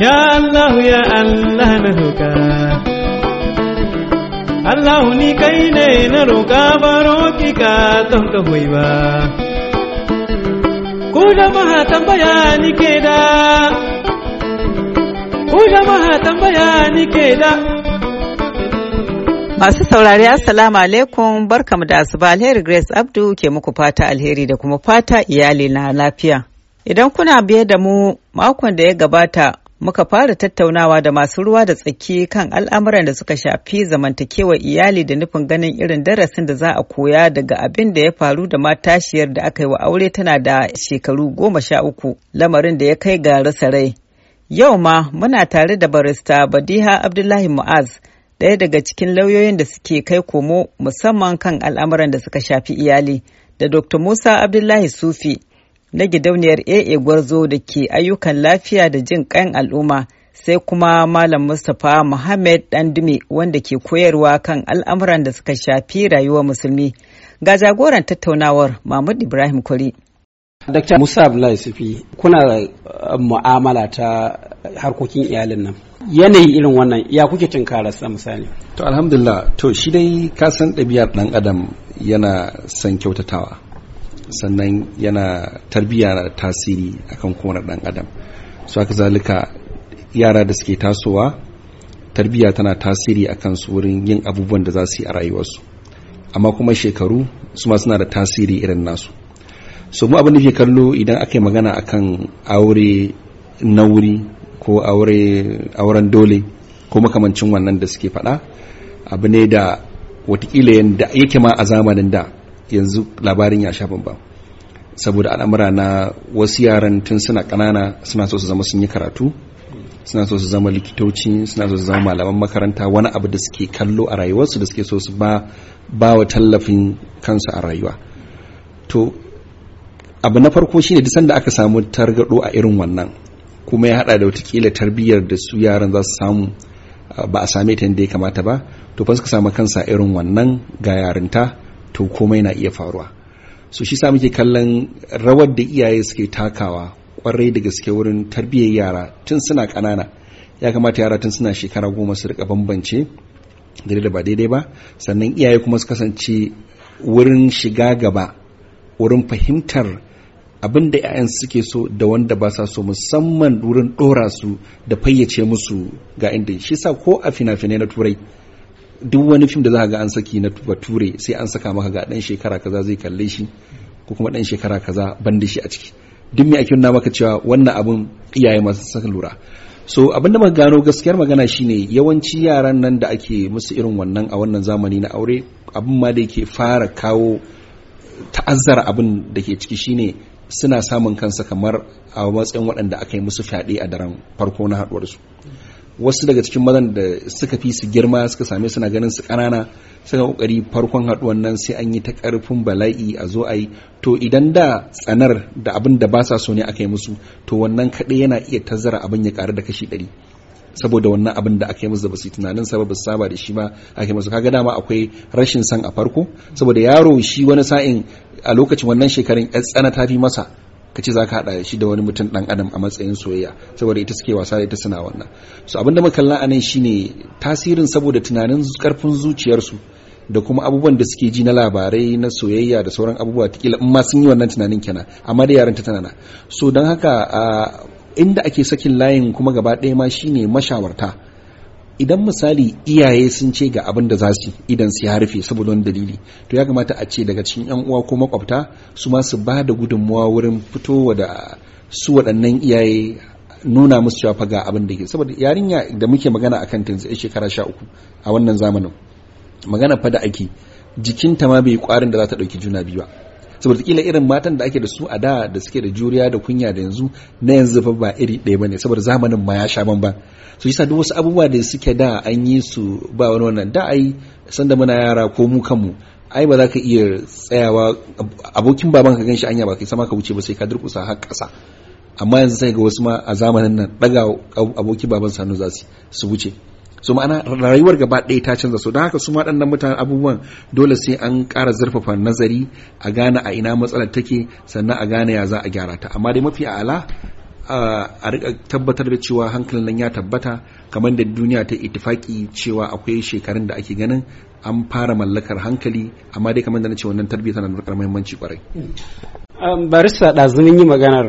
Ya Allah ya Allah na roƙa Allah ni kai ne na roƙa baro ki ka don ka hoyi ba Ku jama'a tambaya ni ke da Ku jama'a tambaya ni ke da Masu saurari Assalamu alaikum barkamu da asuba alheri Grace Abdu ke muku fata alheri da kuma fata iyali na lafiya. Idan kuna biye da mu makon da ya gabata muka fara tattaunawa da masu ruwa da tsaki kan al'amuran da suka shafi zamantakewar iyali da nufin ganin irin darasin da za a koya daga abin da ya faru da matashiyar da aka yi wa aure tana da shekaru goma sha uku lamarin da ya kai ga rasa rai. Yau ma muna tare da barista Badiha Abdullahi Mu'az ɗaya daga cikin lauyoyin da suke kai komo musamman kan al'amuran da suka shafi iyali da Dr. Musa Abdullahi Sufi na gidauniyar AA Gwarzo da ke ayyukan lafiya da jin ƙan al'umma sai kuma Malam Mustapha Muhammad Dandume wanda ke koyarwa kan al'amuran da suka shafi rayuwar musulmi. Ga jagoran tattaunawar Mahmud Ibrahim Kuri. Dr. Musa Abdullahi Sufi, kuna uh, mu'amala ta harkokin iyalin nan. Yanayi irin wannan ya kuke cin karasa misali. To alhamdulillah, to shi dai kasan ɗabi'ar ɗan adam yana son kyautatawa. sannan yana tarbiyya na tasiri akan kowane dan adam su haka zalika yara da suke tasowa tarbiyya tana tasiri akan su wurin yin abubuwan da za su yi a rayuwarsu amma kuma shekaru su ma suna da tasiri irin nasu so mu abin da ke kallo idan aka yi magana akan aure na wuri ko auren dole ko makamancin wannan da suke faɗa abu ne da watakila yake ma a zamanin da yanzu labarin ya sha ba saboda al'amura na wasu yaran tun suna ƙanana suna so su zama sun yi karatu suna so su zama likitoci suna so su zama malaman makaranta wani abu da suke kallo a rayuwarsu da suke so su ba wa tallafin kansu a rayuwa to abu na farko shine duk sanda aka samu targado a irin wannan kuma ya hada da watakila tarbiyyar da su yaran za su samu ah, ba a same ta yadda ya kamata ba to fa suka samu kansa irin wannan ga yarinta to komai na iya faruwa so shi sa muke kallon rawar da iyaye suke takawa kwarai da gaske wurin tarbiyyar yara tun suna ƙanana ya kamata yara tun suna shekara goma su rika bambance dare da ba daidai ba sannan iyaye kuma su kasance wurin shiga gaba wurin fahimtar abin da 'ya'yan suke so da wanda ba sa so musamman wurin ɗora su da fayyace musu ga inda shi sa ko a fina-finai na turai duk wani fim da za ga an saki na bature sai an saka maka ga dan shekara kaza zai kalle shi ko kuma dan shekara kaza ban shi a ciki duk me ake nuna maka cewa wannan abun iyaye masu saka lura so abinda muka gano gaskiyar magana shine yawanci yaran nan da ake musu irin wannan a wannan zamani na aure abin ma da yake fara kawo ta'azzara abin da ke ciki shine suna samun kansa kamar a matsayin waɗanda aka yi musu fyaɗe a daren farko na haɗuwarsu. su wasu daga cikin mazan da suka fi su girma suka same suna ganin su ƙanana suka kokari farkon haɗuwan nan sai an yi ta ƙarfin bala'i a zo a yi to idan da tsanar da abin da ba sa so ne aka yi musu to wannan kaɗai yana iya tazara abin ya ƙaru da kashi ɗari saboda wannan abin da aka yi musu da basu tunanin sa ba saba da shi ba aka yi musu kaga dama akwai rashin san a farko saboda yaro shi wani sa'in a lokacin wannan shekarun tsana ta fi masa ka ce za ka haɗa shi da wani mutum ɗan adam a matsayin soyayya saboda ita suke wasa da ita suna wannan so abin da makalla a nan shine tasirin saboda tunanin karfin zuciyarsu da kuma abubuwan da suke ji na labarai na soyayya da sauran abubuwa kila in ma sun yi wannan tunanin kenan amma da yaran ta tunana so don haka inda ake sakin layin kuma gaba ɗaya ma shine mashawarta idan misali iyaye sun ce ga abin da za su idan su ya rufe saboda wani dalili to ya kamata a ce daga cikin yan uwa ko makwabta su ma su ba da gudunmuwa wurin fito da su waɗannan iyaye nuna musu cewa fa ga abin da ke saboda yarinya da muke magana a kan tunzai shekara sha uku a wannan zamanin magana fa da ake jikinta ma bai kwarin da za ta ɗauki juna biyu ba saboda kila irin matan da ake da su a da da suke da juriya da kunya da yanzu na yanzu fa ba iri ɗaya bane saboda zamanin ma ya sha ban su yi sadu wasu abubuwa da suke da an yi su ba wani wannan da ai sanda muna yara ko mu kanmu ai ba za ka iya tsayawa abokin baban ka ganshi anya ba kai sama ka wuce ba sai ka durkusa har ƙasa amma yanzu sai ga wasu ma a zamanin nan ɗaga abokin baban sanu za su wuce su ma'ana rayuwar gaba ɗaya ta canza su don haka su waɗannan mutane abubuwan dole sai an ƙara zurfafa nazari a gane a ina matsalar take sannan a gane ya za a gyara ta amma dai mafi ala a rika tabbatar da cewa hankalin nan ya tabbata kamar da duniya ta itifaki cewa akwai shekarun da ake ganin an fara mallakar hankali amma dai kamar da na ce wannan tarbiyya tana da muhimmanci kwarai um, barista ɗazu mun yi maganar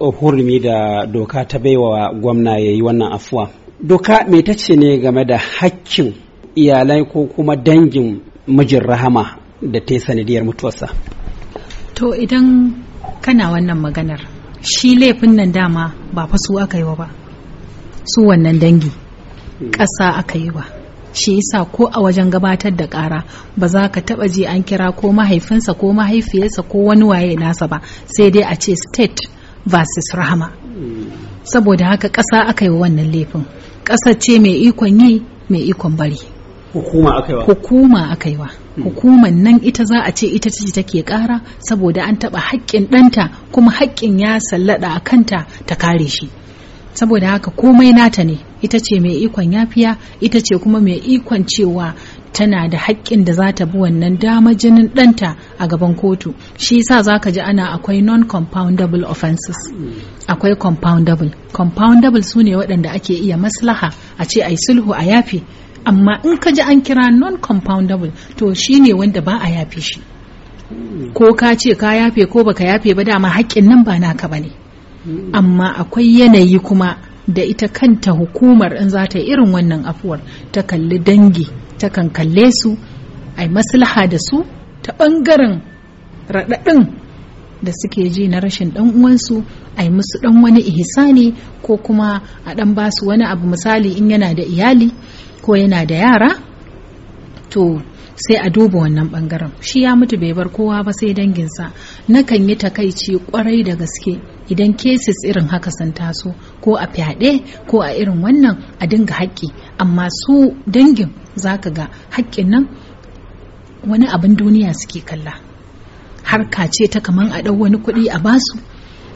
uh, hurumi da doka ta baiwa gwamna ya yi wannan afuwa doka mai ta ce ne game da hakkin iyalai ko kuma dangin mijin rahama da ta yi sanadiyar mutuwarsa to idan kana wannan maganar shi laifin nan dama ba fa su aka yi wa ba su wannan dangi hmm. ƙasa aka yi wa shi yasa ko a wajen gabatar da ƙara ba za ka taɓa ji an kira ko mahaifinsa ko mahaifiyarsa ko wani waye nasa ba sai dai a ce state versus rahama hmm. saboda haka ƙasa aka yi wa wannan laifin ƙasa ce mai ikon yi mai ikon bari hukuma akaiwa hukuma akaiwa hmm. hukuman nan ita za a ce ita ce take ƙara saboda an taɓa haƙƙin ɗanta kuma haƙƙin ya sallada a kanta ta kare shi saboda haka komai nata ne ita ce mai ikon yafiya ita ce kuma mai ikon cewa tana da haƙƙin da za ta bi wannan dama jinin ɗanta a gaban kotu shi yasa za ka ji ana akwai non-compoundable offenses akwai compoundable compoundable su ne waɗanda ake iya maslaha a ce a yi sulhu a yafi amma in ka ji an kira non-compoundable to shi ne wanda ba a yafe shi ko ka ce ka yafe ko baka yafe ba dama haƙƙin nan ba naka ba ne amma akwai yanayi kuma da ita kanta hukumar in za ta irin wannan afuwar ta kalli dangi takan kalle su a maslaha da su ta ɓangaren raɗaɗin da suke ji na rashin ɗan uwansu a yi musu ɗan wani ihsani ko kuma a ɗan ba su wani abu misali in yana da iyali ko yana da yara to sai a duba wannan ɓangaren shi ya mutu bai bar kowa ba sai danginsa nakan yi takaici kwarai da gaske idan cases irin haka sun taso ko a fyaɗe ko a irin wannan a dinga haƙƙi amma su dangin za ka ga haƙƙin nan wani abin duniya suke kalla harka ce ta kaman a ɗau wani kuɗi a basu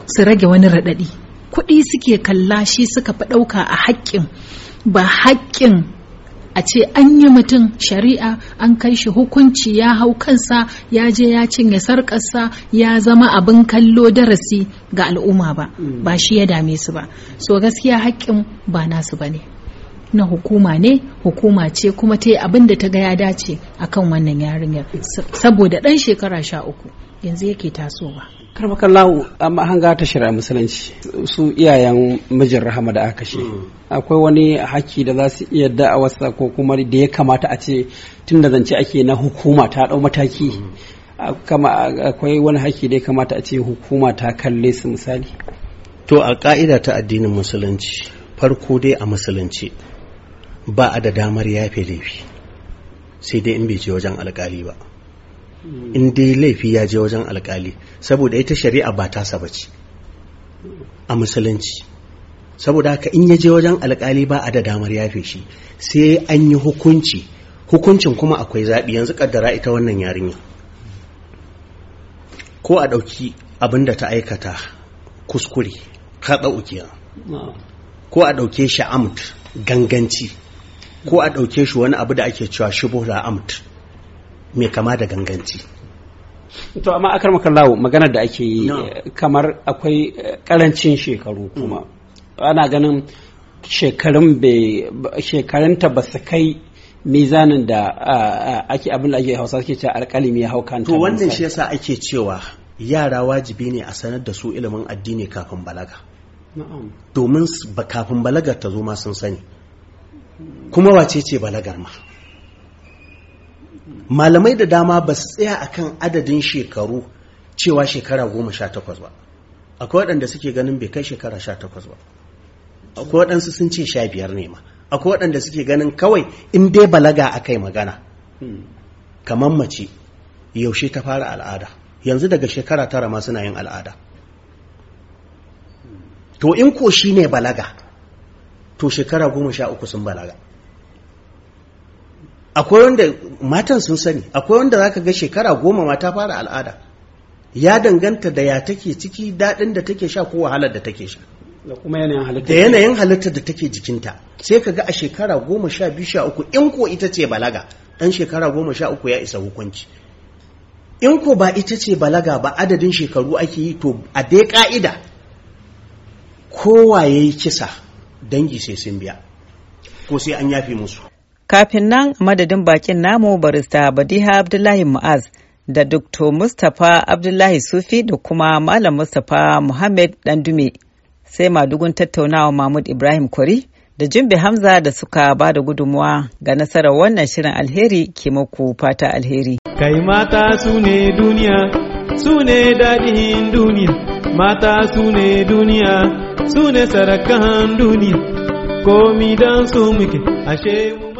su rage wani raɗaɗi kuɗi suke kalla shi suka fi ɗauka a haƙƙin ba haƙƙin a ce an yi mutum shari'a an kai shi hukunci ya hau kansa ya je ya cinye sarƙarsa ya zama abin kallo darasi ga al'umma ba ba shi ya dame su ba so gaskiya haƙƙin ba nasu ba ne na hukuma ne hukuma ce kuma ta yi abin da ta ga ya dace akan wannan yarinyar saboda ɗan shekara sha uku yanzu yake tasowa karfakallahu a mahanga ta shari'a musulunci su iyayen mijin rahama da aka shi hmm. akwai wani haki da za su iya da'awarsa ko kuma da ya kamata a ce tun da zance ake na hukuma ta ɗau mataki hmm. akwai wani haki da ya kamata a ce hukuma ta kalle su misali to a ka'ida ta addinin musulunci farko dai a musulunci ba a da damar yafe laifi sai dai in bai je wajen alkali ba in dai laifi ya je wajen alkali saboda ita shari'a ba ta saba ce a musulunci saboda haka in ya je wajen alkali ba a da damar yafe shi sai an yi hukunci hukuncin kuma akwai zaɓi yanzu kaddara ita wannan yarinya ko a ɗauki abin da ta aikata kuskure kaɗa ukiya ko a ɗauke shi amt ganganci ko a ɗauke shi wani abu da ake cewa shubuhul amt mai kama da ganganci to amma akar makallawo maganar da ake yi eh, kamar akwai karancin eh, shekaru kuma mm. ana ganin shekarun shekarunta ba su kai mizanin da ake abin da ake hausa suke ce Alƙalimi ya hau kanta to wannan shi yasa ake cewa yara wajibi ne a sanar da su ilimin addini kafin balaga domin kafin balagar ta zo ma sun sani kuma wace ce balagar ma malamai da dama ba su tsaya kan adadin shekaru cewa shekara goma sha takwas ba akwai waɗanda suke ganin bai kai shekara sha takwas ba akwai waɗansu sun ce sha biyar ne ma akwai waɗanda suke ganin kawai in dai balaga akai magana kamar mace yaushe ta fara al'ada yanzu daga shekara tara ma suna yin al'ada to in ko shi ne balaga to shekara goma sha uku sun balaga akwai wanda matan sun sani akwai wanda zaka ga shekara goma mata fara al'ada ya danganta da ya take ciki daɗin da take sha ko wahalar da take sha da kuma yanayin halitta da yanayin halitta da take jikinta sai ka ga a shekara goma sha biyu sha uku in ko ita ce balaga ɗan shekara goma sha uku ya isa hukunci in ko ba ita ce balaga ba adadin shekaru ake yi to a dai ka'ida kowa ya yi kisa dangi sai sun biya ko sai an yafe musu Kafin nan madadin bakin namu barista Badiha Abdullahi Mu'az da Dr. Mustapha Abdullahi Sufi da kuma Malam Mustapha Muhammad Dandume sai madugun tattaunawa Mahmud Ibrahim Kwari da Jimbe Hamza da suka ba da gudunmuwa ga nasarar wannan shirin alheri ke muku fata alheri. Kai mata su ne duniya, su ne daɗin duniya, mata su ne duniya, su ne sarakan duniya, komi don su muke, ashe mu.